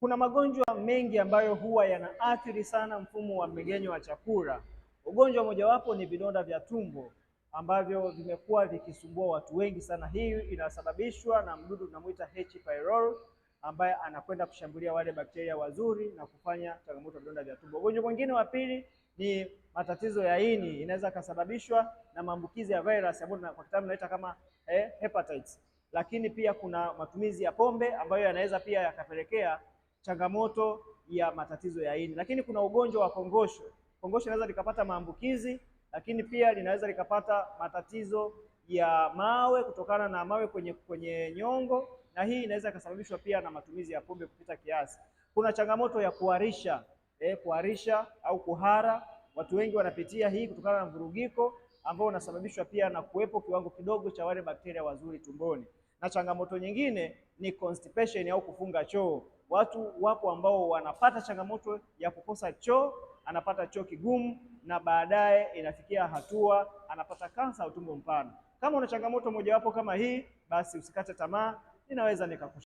Kuna magonjwa mengi ambayo huwa yanaathiri sana mfumo wa mmeng'enyo wa chakula. Ugonjwa mojawapo ni vidonda vya tumbo ambavyo vimekuwa vikisumbua watu wengi sana. Hii inasababishwa na mdudu tunamuita H. pylori ambaye anakwenda kushambulia wale bakteria wazuri na kufanya changamoto ya vidonda vya tumbo. Ugonjwa mwingine wa pili ni matatizo ya ini, inaweza kasababishwa na maambukizi ya virus ambayo kwa kitaalamu tunaita kama eh, hepatitis. Lakini pia kuna matumizi ya pombe ambayo yanaweza pia yakapelekea changamoto ya matatizo ya ini. Lakini kuna ugonjwa wa kongosho. Kongosho linaweza likapata maambukizi, lakini pia linaweza likapata matatizo ya mawe kutokana na mawe kwenye kwenye nyongo, na hii inaweza ikasababishwa pia na matumizi ya pombe kupita kiasi. Kuna changamoto ya kuharisha eh, kuharisha au kuhara. Watu wengi wanapitia hii kutokana na mvurugiko ambao unasababishwa pia na kuwepo kiwango kidogo cha wale bakteria wazuri tumboni, na changamoto nyingine ni constipation au kufunga choo. Watu wapo ambao wanapata changamoto ya kukosa choo, anapata choo kigumu na baadaye inafikia hatua anapata kansa ya utumbo mpana. Kama una changamoto mojawapo kama hii, basi usikate tamaa, ninaweza nikakusaidia.